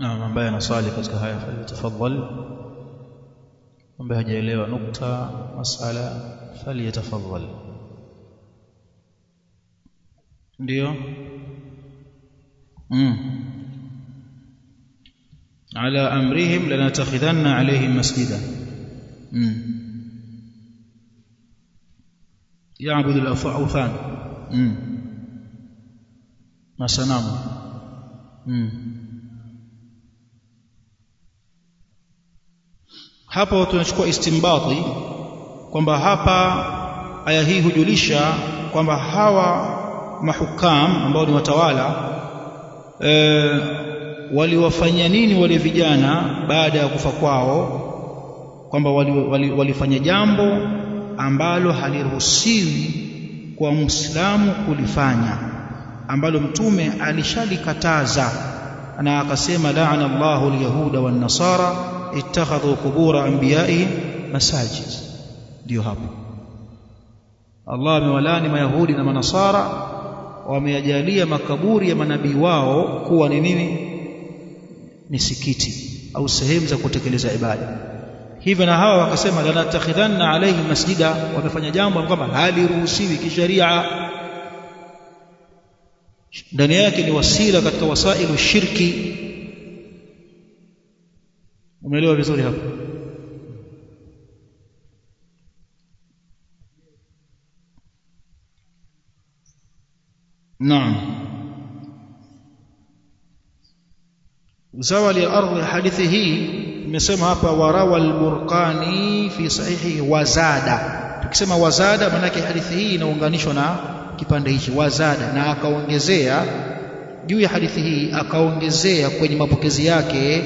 نعم من بين صالح كذا فليتفضل من بهجة إليه ونقطة مسألة فليتفضل ديو مم. على أمرهم لنتخذن عليهم مسجدا مم. يعبد الأوثان ما سنام hapo tunachukua istimbati kwamba hapa aya hii hujulisha kwamba hawa mahukam ambao ni watawala e, waliwafanya nini wale vijana baada ya kufa kwao, kwamba walifanya wali, wali jambo ambalo haliruhusiwi kwa Muislamu kulifanya, ambalo Mtume alishalikataza na akasema, laana Allahu alyahuda wan nasara ittakhadhu qubura anbiya'i masajid ndio hapo Allah amewalani mayahudi na manasara wameyajalia makaburi ya manabii wao kuwa ni nini misikiti au sehemu za kutekeleza ibada hivyo na hawa wakasema lanatakhidhanna alaihi masjida wamefanya jambo kwamba haliruhusiwi kisharia ndani yake ni wasila katika wasailu shirki umeelewa vizuri hapo naam zawali ardhi hadithi hii imesema hapa warawa al-burqani fi sahihi wazada tukisema wazada maanake hadithi hii inaunganishwa na kipande hichi wazada na akaongezea juu ya hadithi hii akaongezea kwenye mapokezi yake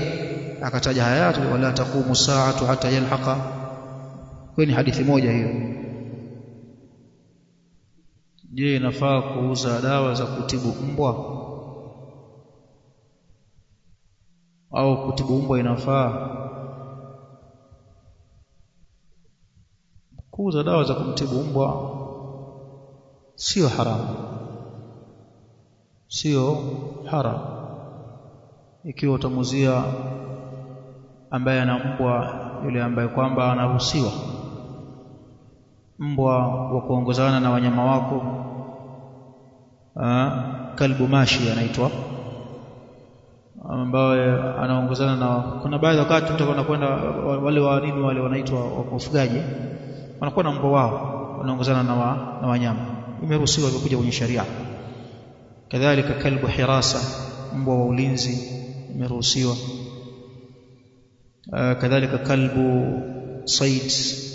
akataja hayatu wala taqumu saatu hata yalhaqa hiyo ni hadithi moja hiyo je inafaa kuuza dawa za kutibu mbwa au kutibu mbwa inafaa kuuza dawa za kumtibu mbwa sio haramu sio haramu ikiwa utamuzia ambaye ana mbwa yule ambaye kwamba anaruhusiwa mbwa wa kuongozana na wanyama wako ah, kalbu mashi anaitwa ambaye anaongozana na kuna baadhi wakati mtu anakwenda wale wa nini wale wanaitwa wafugaji wanakuwa na mbwa wao wanaongozana na, wa, na wanyama imeruhusiwa kuja kwenye sharia kadhalika kalbu hirasa mbwa wa ulinzi imeruhusiwa Eh, kadhalika kalbu said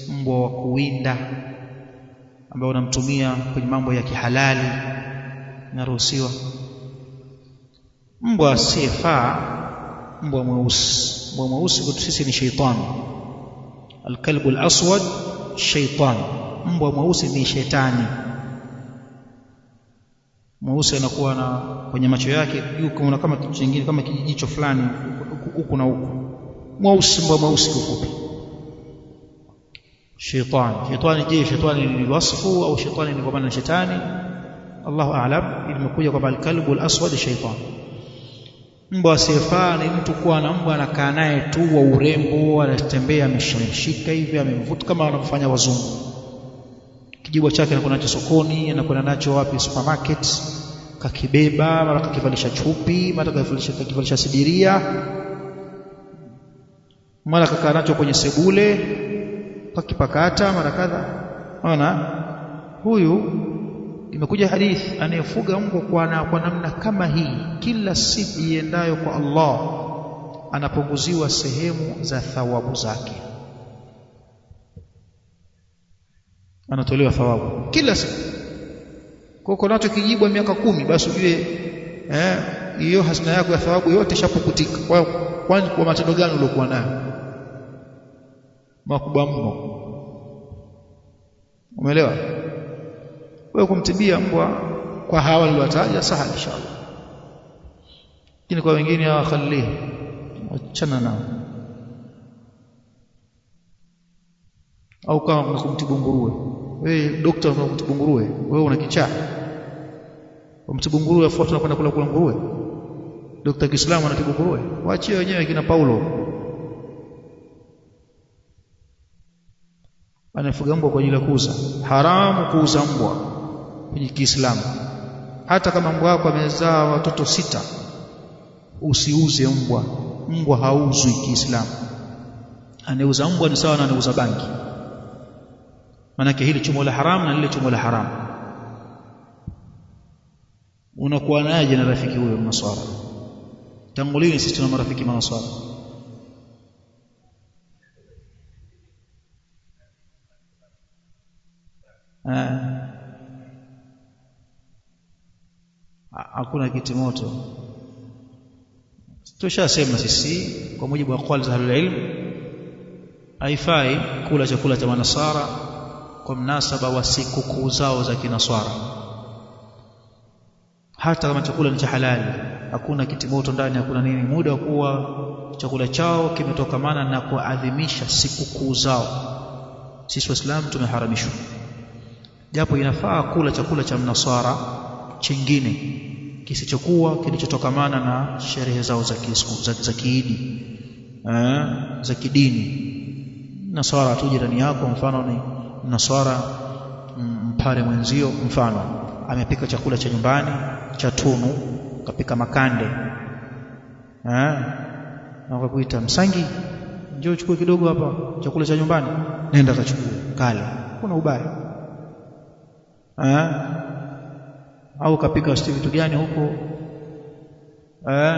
mbwa wa kuwinda ambao unamtumia kwenye mambo ya kihalali inaruhusiwa mbwa asiyefaa mbwa mweusi mbwa mweusi kwetu sisi ni sheitani alkalbu alaswad sheitan mbwa mweusi ni shetani mweusi anakuwa na kwenye macho yake juu kama kitu kingine kama kijicho fulani huku na huku mweusi mbwa mweusi kifupi shetani shetani je shetani ni wasfu au shetani ni kwa maana shetani Allahu a'lam imekuja kwamba al alaswad al shaytan mbwa asiyefaa ni mtu kuwa na mbwa anakaa naye tu wa urembo anatembea ameshika hivi amemvuta kama wanavyofanya wazungu kijibwa chake anakuwa nacho sokoni anakwenda nacho wapi supermarket kakibeba mara kakivalisha chupi mara kakivalisha kakivalisha sidiria mara kakaa nacho kwenye sebule pakipakata mara kadha ona huyu imekuja hadithi anayefuga mbwa kwa, na, kwa namna kama hii kila siku iendayo kwa Allah anapunguziwa sehemu za thawabu zake anatolewa thawabu kila siku kwa uko nacho kijibu miaka kumi basi ujue eh hiyo hasina yako ya thawabu yote shapukutika kwa kwa matendo gani uliokuwa nayo makubwa mno umeelewa wewe kumtibia mbwa kwa hawa niliwataja saha inshallah lakini kwa wengine hawakhalihi wachana nao au kama mnakumtibu nguruwe wewe daktari unamtibu nguruwe wewe una kichaa umtibu nguruwe afuata unakwenda kula kula nguruwe daktari Kiislamu anatibu nguruwe waachie wenyewe kina Paulo anafuga mbwa kwa ajili ya kuuza. Haramu kuuza mbwa kwenye Kiislamu. Hata kama mbwa wako amezaa watoto sita, usiuze mbwa. Mbwa hauzwi Kiislamu. Anauza mbwa ni sawa na anauza bangi, maanake hili chumo la haramu na lile chumo la haramu. Unakuwa naye na rafiki huyo Mnaswara? tangulini lini sisi tuna marafiki Manaswara? Eh. hakuna kitimoto tushasema sisi kwa mujibu wa qawl za ilm haifai kula chakula cha manasara kwa mnasaba wa sikukuu zao za kinaswara hata kama chakula ni cha halali hakuna kitimoto ndani hakuna nini muda wa kuwa chakula chao kimetokamana na kuadhimisha sikukuu zao sisi waislamu tumeharamishwa japo inafaa kula chakula cha mnaswara chingine kisichokuwa kilichotokamana na sherehe zao za kisiku za, za kiidi eh, za kidini mnaswara tu jirani yako mfano ni nasara mm, mpare mwenzio mfano amepika chakula cha nyumbani cha tunu kapika makande eh na msangi njoo chukue kidogo hapa chakula cha nyumbani nenda kachukue kale kuna ubaya eh au kapika vitu gani huko eh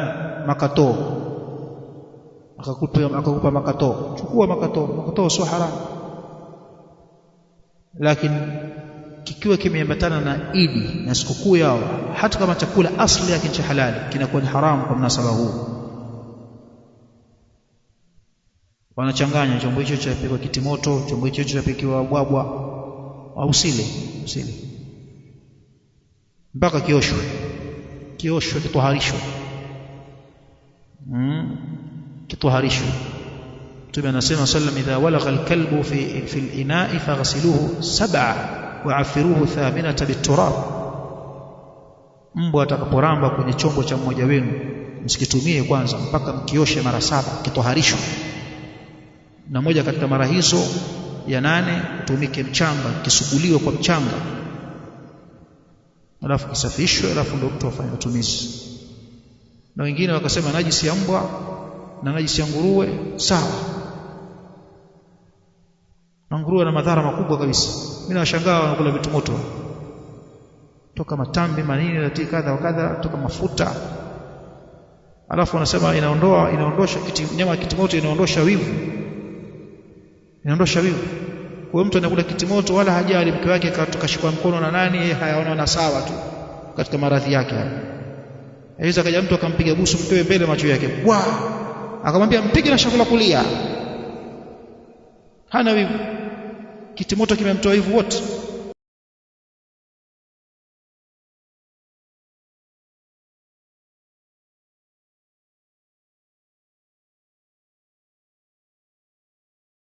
makato akakupa akakupa makato chukua makato makato sio haramu lakini kikiwa kimeambatana na idi na sikukuu yao hata kama chakula asli yake ni halali kinakuwa ni haramu kwa mnasaba huu wanachanganya chombo hicho cha pikwa kitimoto chombo hicho cha pikiwa bwabwa au usile usile mpaka kioshwe kioshwe kitoharishwe mm. kitwaharishwe mtume anasema sallam idha walagha alkalbu fi fi alinai faghsiluhu sab'a waafiruhu thaminata biturab mbwa atakaporamba kwenye chombo cha mmoja wenu msikitumie kwanza mpaka mkioshe mara saba kitoharishwe na moja katika mara hizo ya nane utumike mchanga kisuguliwe kwa mchanga alafu kisafishwe alafu ndio mtu afanye matumizi na wengine wakasema najisi ya mbwa na najisi ya nguruwe sawa na nguruwe na madhara makubwa kabisa mimi nashangaa wanakula vitu moto toka matambi manini natii kadha kadha toka mafuta alafu wanasema inaondoa inaondosha kiti, nyama kitimoto inaondosha wivu inaondosha wivu huyo mtu anakula kitimoto wala hajali mke wake kashikwa mkono na nani, yeye hayaona sawa tu katika maradhi yake. Aweza kaja mtu akampiga busu mkewe mbele macho yake wa akamwambia mpige na shavu kulia, hana wivu. Kitimoto kimemtoa hivu wote.